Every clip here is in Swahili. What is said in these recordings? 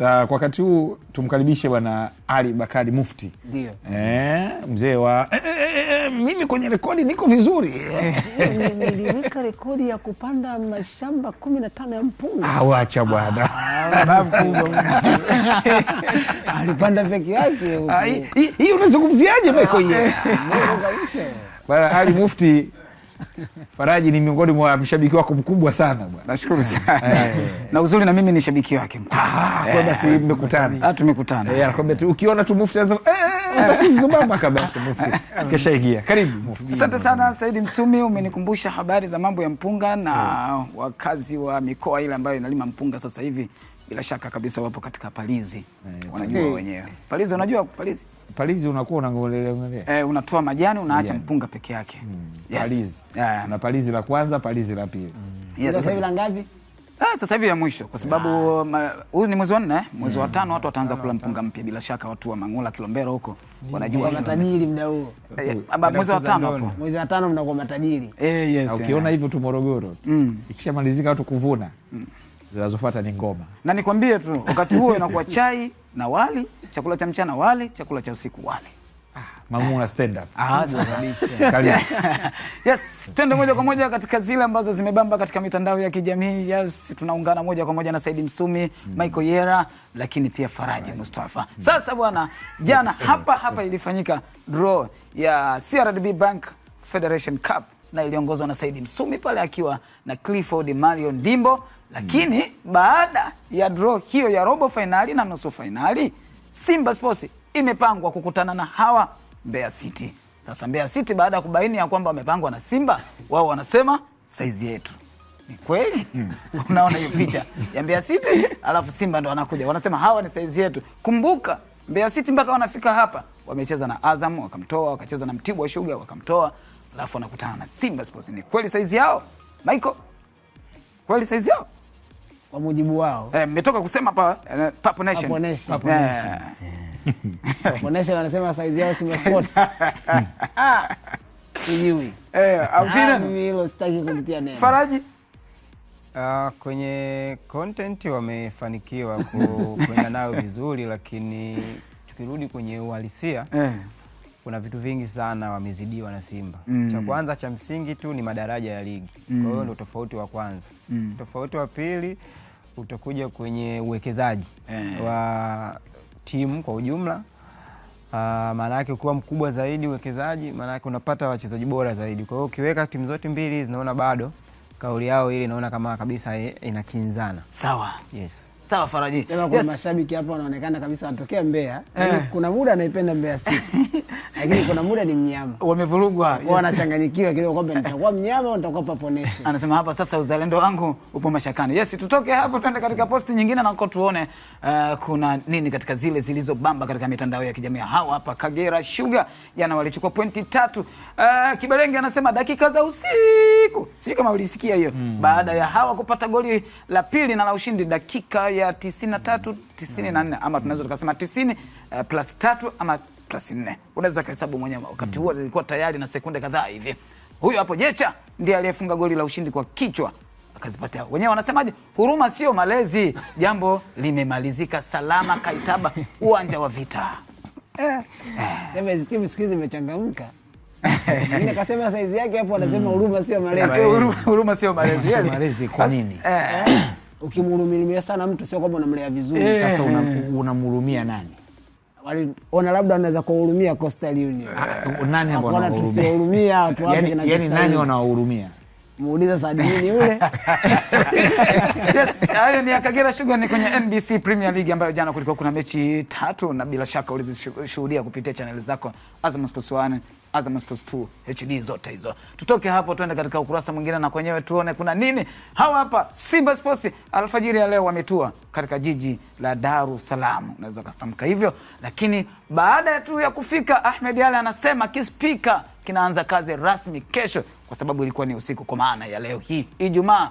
Kwa wakati huu tumkaribishe Bwana Ali Bakari Mufti. Eh, mzee wa eh, eh, eh, eh, mimi kwenye rekodi niko vizuri. Niliweka rekodi ya kupanda mashamba kumi na tano ya mpunga. bwanaalipanda ah, wacha bwana. Ah, Alipanda peke yake. Ah, hii unazungumziaje Bwana Ali Mufti Faraji ni miongoni mwa mshabiki wako mkubwa sana bwana. Nashukuru eh. sana. Na uzuri na mimi ni shabiki wake mkubwa. Ah, kwa basi eh. mmekutana. Ah, tumekutana. Eh, anakuambia tu ukiona tu mufti anza eh, eh, basi kabisa mufti. Kesha ingia. Karibu mufti. Asante sana Said Msumi, umenikumbusha habari za mambo ya mpunga na wakazi wa mikoa ile ambayo inalima mpunga sasa hivi bila shaka kabisa wapo katika palizi eh, wanajua eh, wenyewe palizi, unajua palizi, palizi unakuwa unangolelea ngolelea eh, unatoa majani unaacha yeah. mpunga peke yake mm, yes. Palizi yeah. na palizi la kwanza, palizi la pili mm. yes. sasa hivi la ngapi? Ah, sasa hivi ya mwisho kwa sababu huu ni mwezi wa nne, mwezi wa hmm. tano watu wataanza kula mpunga mpya. Bila shaka watu wa Mangula, Kilombero huko wanajua wana tajiri muda huo. Eh, mwezi wa tano hapo, mwezi wa tano mnakuwa matajiri. Eh, yes. Ah, eh. Ukiona hivyo tu Morogoro hmm. ikishamalizika watu kuvuna hmm zinazofuata ni ngoma. Na nikwambie tu, wakati huo inakuwa chai na wali, chakula cha mchana wali, chakula cha usiku wali. Ah, Mamuna stand up. Ah, yes, twende moja kwa moja katika zile ambazo zimebamba katika mitandao ya kijamii. Yes, tunaungana moja kwa moja na Saidi Msumi, mm. Michael Yera, lakini pia Faraji Mustafa. Mm. Sasa bwana, jana hapa hapa ilifanyika draw ya CRDB Bank Federation Cup na iliongozwa na Saidi Msumi pale akiwa na Clifford Marion Dimbo, lakini mm. baada ya draw hiyo ya robo fainali na nusu fainali Simba Sports imepangwa kukutana na hawa Mbeya City. Sasa Mbeya City baada ya kubaini ya kwamba wamepangwa na Simba, wao wanasema saizi yetu ni kweli mm. unaona hiyo picha ya Mbeya City alafu Simba ndo wanakuja wanasema hawa ni saizi yetu. Kumbuka Mbeya City mpaka wanafika hapa wamecheza na Azam wakamtoa, wakacheza na Mtibwa Sugar wakamtoa alafu anakutana na Simba Sports. Ni kweli saizi yao Michael, kweli saizi yao kwa mujibu wao eh, mmetoka eh, kusema pa, uh, eh, Papo Nation. Papo Nation. Papo eh. Nation. Yeah. Yeah. Papo Nation anasema saizi yao Simba Sports. Ah, sijui eh, Amtina. Ah, mimi hilo sitaki kulitia neno. Faraji Uh, kwenye content wamefanikiwa kwenda nayo vizuri, lakini tukirudi kwenye uhalisia kuna vitu vingi sana wamezidiwa na Simba mm. Cha kwanza cha msingi tu ni madaraja ya ligi mm. Kwa hiyo ndo tofauti wa kwanza mm. Tofauti wa pili utakuja kwenye uwekezaji eh, wa timu kwa ujumla. Uh, maana yake ukiwa mkubwa zaidi uwekezaji, maana yake unapata wachezaji bora zaidi. Kwa hiyo ukiweka timu zote mbili zinaona bado kauli yao ili naona kama kabisa eh, inakinzana. Sawa, yes. Sawa Faraji. Sema kuna yes. mashabiki hapa wanaonekana kabisa wanatokea Mbeya. Eh. Kuna muda anaipenda Mbeya City. Lakini kuna muda ni mnyama. Wamevurugwa. Yes. Wanachanganyikiwa kidogo kwamba nitakuwa mnyama au nitakuwa Papo Nation. Anasema hapa sasa uzalendo wangu upo mashakani. Yes, tutoke hapo tuende katika posti nyingine na uko tuone uh, kuna nini katika zile zilizobamba katika mitandao ya kijamii. Hawa hapa Kagera Sugar jana walichukua pointi tatu. Uh, eh, Kibalenge anasema dakika za usiku. Sio kama ulisikia hiyo. Mm. Baada ya hawa kupata goli la pili na la ushindi dakika ya ya 93 94 tatu ama tunaweza tukasema 90 uh, eh, plus 3 ama plus 4 Unaweza kuhesabu mwenyewe wakati huo mm. ilikuwa tayari na sekunde kadhaa hivi. Huyo hapo Jecha ndiye aliyefunga goli la ushindi kwa kichwa akazipatia wenyewe. Wanasemaje? Huruma sio malezi. Jambo limemalizika salama Kaitaba, uwanja wa vita. Eh, sema hizi timu siku hizi zimechangamka. Mwingine kasema saizi yake hapo, anasema huruma sio malezi. Huruma sio malezi. Malezi kwa nini? Eh, ukimhurumia sana mtu sio kwamba unamlea vizuri eh, Sasa unamhurumia una nani? Waliona labda wanaweza kuwahurumia Coastal Union. Ah, ah, nani ambao wanahurumia watu wapi? Yani, yani nani wanawahurumia? Muulize Sadini yule. Yes, hayo ni Akagera Sugar ni kwenye NBC Premier League ambayo jana kulikuwa kuna mechi tatu na bila shaka ulizishuhudia kupitia chaneli zako Azam Sports 1 Azam Sports 2 HD zote hizo. Tutoke hapo tuende katika ukurasa mwingine na kwenyewe tuone kuna nini. Hawa hapa Simba Sports alfajiri ya leo wametua katika jiji la Dar es Salaam, unaweza kutamka hivyo, lakini baada tu ya kufika, Ahmed Ally anasema kispika kinaanza kazi rasmi kesho, kwa sababu ilikuwa ni usiku, kwa maana ya leo hii Ijumaa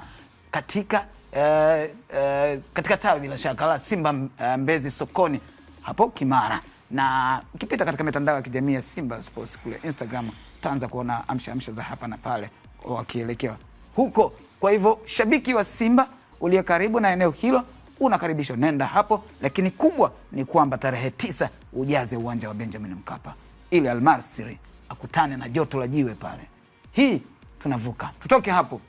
katika Uh, uh, katika tawi bila shaka la Simba eh, Mbezi sokoni hapo Kimara na ukipita katika mitandao ya kijamii ya Simba Sports kule Instagram utaanza kuona amsha amsha za hapa na pale wakielekewa huko. Kwa hivyo shabiki wa Simba uliye karibu na eneo hilo unakaribishwa, nenda hapo, lakini kubwa ni kwamba tarehe tisa ujaze uwanja wa Benjamin Mkapa ili Almasri akutane na joto la jiwe pale. Hii tunavuka, tutoke hapo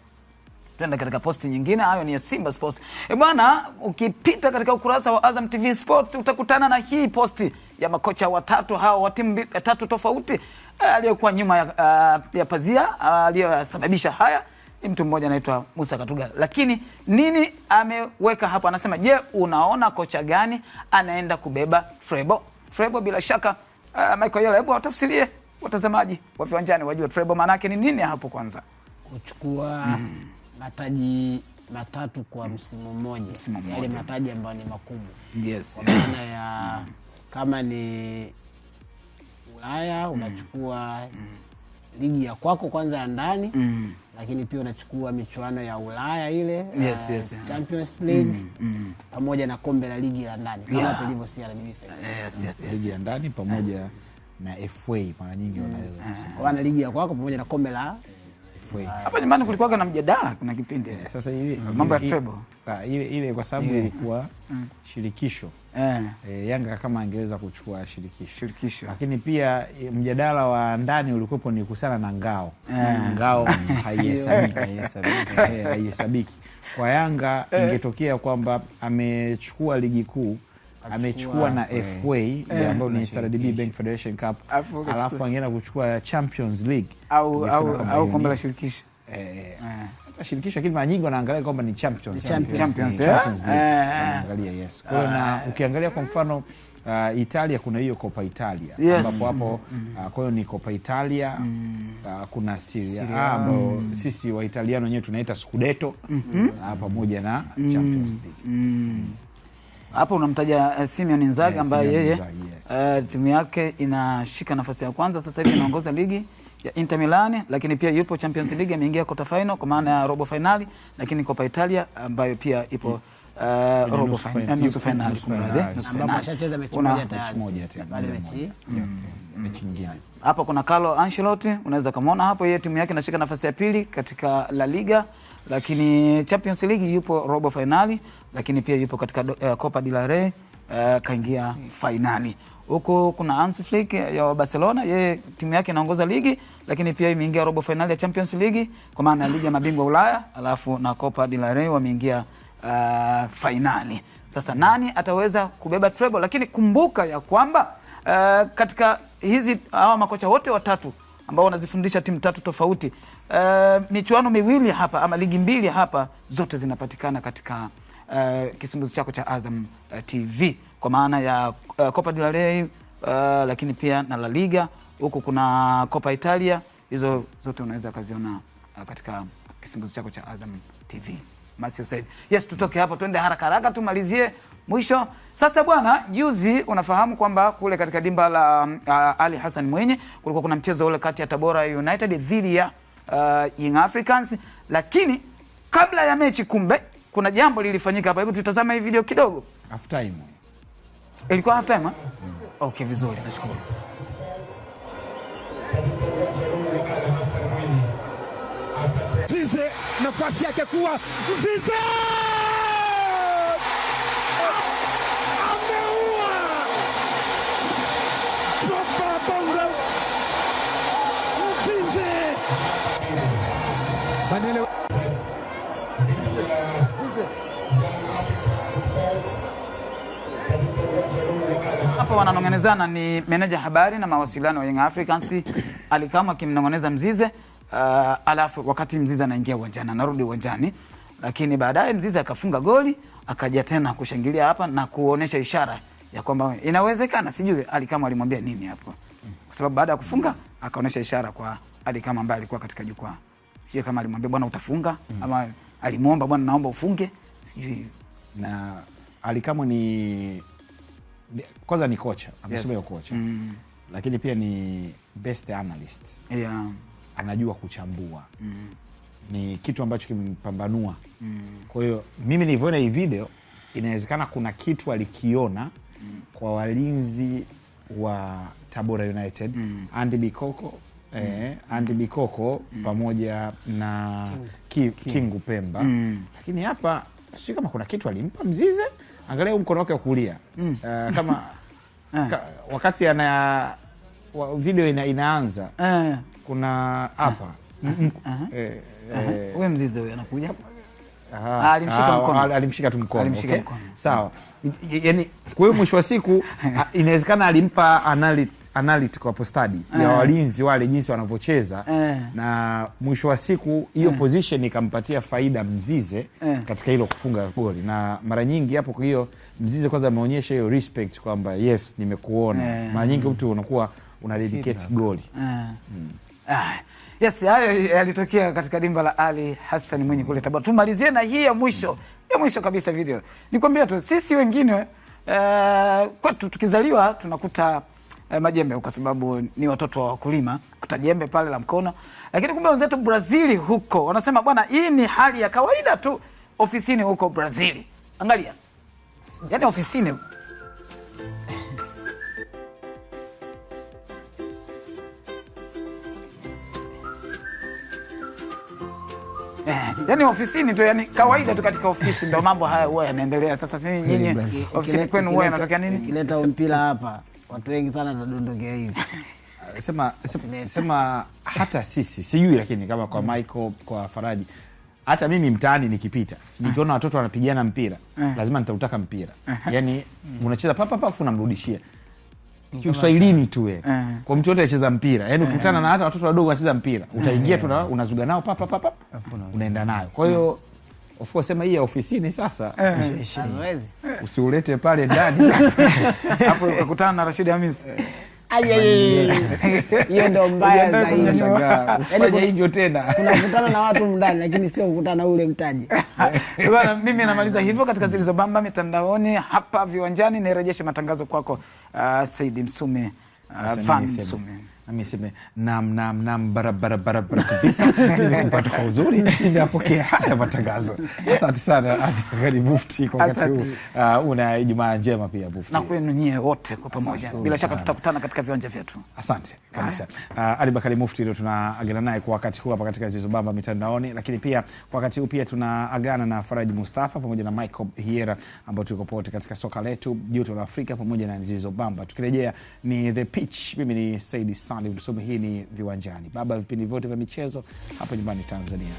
tuenda katika posti nyingine. Hayo ni ya Simba Sports. E bwana, ukipita katika ukurasa wa Azam TV Sports utakutana na hii posti ya makocha watatu hao wa timu tatu tofauti eh, aliyokuwa nyuma ya, uh, ya pazia ah, aliyosababisha haya ni mtu mmoja anaitwa Musa Katuga. Lakini nini ameweka hapo? Anasema, je, unaona kocha gani anaenda kubeba Frebo? Frebo bila shaka uh, Michael Yala, hebu watafsirie watazamaji wa viwanjani wajua Frebo maana yake ni nini hapo, kwanza kuchukua mm. mataji matatu kwa msimu mmoja, yale mataji ambayo ni makubwa yes. kwa maana ya mm -hmm kama ni Ulaya unachukua mm. ligi ya kwako kwanza ya ndani mm. lakini pia unachukua michuano ya Ulaya ile yes, uh, yes, Champions League mm. Mm. pamoja na kombe la ligi ya ndani kama yeah. tulivyo CRDB yes, yes, yes. ligi ya ndani pamoja na FA mara nyingi mm. Ah. wana ligi ya kwako pamoja na kombe la hapa nyumbani kulikuwa na mjadala kuna kipindi eh, sasa, mambo ya treble ah, ile, ile kwa sababu ilikuwa mm. shirikisho mm eh. E, Yanga kama angeweza kuchukua shirikisho shirikisho, lakini pia eh, mjadala wa ndani ulikuwepo ni kuhusiana na ngao eh. Ngao eh, haihesabiki kwa Yanga eh. Ingetokea kwamba amechukua ligi kuu amechukua na FA ambayo ni CRDB Bank Federation Cup alafu angeenda kuchukua Champions League au kombe la shirikisho shirikisho lakini mara nyingi wanaangalia kwamba ni Champions Champions, Champions, Champions League wanaangalia yes. Eh, eh. Kwa hiyo na ah. ukiangalia kwa mfano Uh, Italia kuna hiyo Coppa Italia yes. ambapo hapo mm -hmm. uh, kwa hiyo ni Coppa Italia mm -hmm. uh, kuna Serie A ambayo mm -hmm. sisi Waitaliano wenyewe tunaita Scudetto mm -hmm. uh, pamoja na mm -hmm. Champions League mm hmm hapo -hmm. unamtaja uh, Simon Inzaghi ambaye yeye yes. uh, timu yake inashika nafasi ya kwanza sasa hivi inaongoza ligi ya Inter Milan, lakini pia yupo Champions League ameingia quarter final kwa maana ya robo finali, lakini Copa Italia ambayo pia ipo mm. uh, robo finali, nusu finali, ambapo ashacheza mechi moja tayari, mm. mm. mechi nyingine. Hapa kuna Carlo Ancelotti, unaweza kumuona hapo, yeye timu yake inashika nafasi ya pili katika La Liga lakini Champions League yupo robo finali, lakini pia yupo katika uh, Copa del Rey uh, kaingia finali huku kuna Hansi Flick ya Barcelona, yeye timu yake inaongoza ligi, lakini pia imeingia robo finali ya Champions League kwa maana ya ligi ya mabingwa Ulaya, alafu na Copa del Rey wameingia uh, fainali. Sasa nani ataweza kubeba treble? Lakini kumbuka ya kwamba uh, katika hizi hawa makocha wote watatu ambao wanazifundisha timu tatu tofauti uh, michuano miwili hapa ama ligi mbili hapa, zote zinapatikana katika uh, kisimbuzi chako cha Azam uh, eh, TV kwa maana ya uh, Copa del Rey uh, lakini pia na La Liga, huku kuna Copa Italia, hizo zote unaweza kaziona uh, katika kisimbuzi chako cha Azam TV. Masio Said. Yes, tutoke hapo tuende haraka haraka tumalizie mwisho. Sasa bwana, juzi unafahamu kwamba kule katika dimba la uh, Ali Hassan Mwinyi kulikuwa kuna mchezo ule kati ya Tabora United dhidi ya uh, Young Africans, lakini kabla ya mechi kumbe kuna jambo lilifanyika hapa, hebu tutazame hii video kidogo. Half time ilikuwa half time ha? Eh? mm. Okay, vizuri, nashukuru. Zize nafasi yake kuwa Zize hapa wananong'onezana ni meneja habari na mawasiliano wa Young Africans Alikamwe akimnong'oneza Mzize uh, alafu wakati Mzize anaingia uwanjani anarudi uwanjani, lakini baadaye Mzize akafunga goli akaja tena kushangilia hapa na kuonesha ishara ya kwamba inawezekana. Sijui Alikamwe alimwambia nini hapo, kwa sababu baada ya kufunga akaonesha ishara kwa Alikamwe ambaye alikuwa katika jukwaa. Sijui kama alimwambia bwana, utafunga mm. ama alimuomba bwana, naomba ufunge, sijui. Na Alikamwe ni kwanza ni kocha amesoma yes. kocha mm. lakini pia ni best analyst yeah. anajua kuchambua mm. ni kitu ambacho kimempambanua mm. kwa hiyo mimi nilivyoona hii video inawezekana kuna kitu alikiona mm. kwa walinzi wa Tabora United mm. Andy Bikoko eh, mm. eh, Andy Bikoko mm. pamoja na Kingu, Kingu Pemba mm. lakini hapa sijui kama kuna kitu alimpa Mzize angalia mkono wake wa kulia mm. uh, kama eh. ka, wakati ana wa, video ina, inaanza eh. kuna hapa wewe mzizi huyo anakuja ah, alimshika ah, mkono. Alimshika tu mkono. Sawa. yani kwa hiyo mwisho wa siku inawezekana alimpa analit analytical hapo study ya eh. walinzi wale jinsi wanavyocheza, eh. na mwisho wa siku hiyo eh. position ikampatia faida Mzize katika hilo kufunga goli, na mara nyingi hapo. Kwa hiyo Mzize kwanza ameonyesha hiyo respect kwamba yes, nimekuona. Mara nyingi mtu unakuwa una dedicate goli. Mm. Ah, yes, hayo yalitokea katika dimba la Ali Hassan Mwinyi kule Tabora. Tumalizie na hii ya mwisho ya mwisho kabisa video. Nikwambia tu sisi wengine uh, kwetu tukizaliwa tunakuta Eh, majembe kwa sababu ni watoto wa wakulima, kutajembe pale la mkono. Lakini kumbe wenzetu Brazili huko wanasema bwana, hii ni hali ya kawaida tu ofisini huko Brazili. Angalia, yaani ofisini eh, Yaani ofisini tu, yani kawaida tu katika ofisi ndo mambo haya huwa yanaendelea. Sasa nyinyi ofisini kwenu huwa yanatokea nini? Kileta mpira hapa watu wengi sana tadondokea hivi sema, sema, sema hata sisi sijui, lakini kama kwa mm. Michael, kwa Faraji, hata mimi mtaani nikipita nikiona watoto wanapigana mpira eh. lazima nitautaka mpira, eh. yani unacheza mm. papapafu namrudishia kiuswahilini tu we eh. kwa mtu yote acheza mpira, yani ukutana na hata watoto wadogo wanacheza mpira, utaingia tu unazuga nao papapapa, unaenda nayo, kwa hiyo Wasema hii ya ofisini sasa eh. eh. usiulete pale ndani, Hapo ukakutana na Rashid Hamis eh. hiyo ndo mbaya zaidi. Usifanye yaani hivyo tena, unakutana na watu mndani, lakini sio kukutana ule mtaji bwana. Mimi namaliza hivyo katika Zilizobamba mitandaoni hapa viwanjani, nirejeshe matangazo kwako. Uh, Saidi Msume, uh, Fan Msume amesema namnamnam barabarabarabara kabisa, nimepata kwa uzuri, nimeapokea haya matangazo. Asante sana Abdulghani Mufti kwa wakati huu. Uh, una Ijumaa njema pia Mufti, na kwenu nyie wote kwa pamoja, bila shaka tutakutana katika viwanja vyetu. Asante kabisa. Uh, eh? Ali ah, Bakari Mufti ndio tunaagana naye kwa wakati huu hapa katika Zilizobamba mitandaoni, lakini pia kwa wakati huu pia tunaagana na Faraji Mustafa pamoja na Michael Hiera ambao tuko pote katika soka letu, juto la Afrika pamoja na Zilizobamba. Tukirejea ni the pitch, mimi ni Saidi San ali Msumi. Hii ni Viwanjani, baba ya vipindi vyote vya michezo hapa nyumbani Tanzania.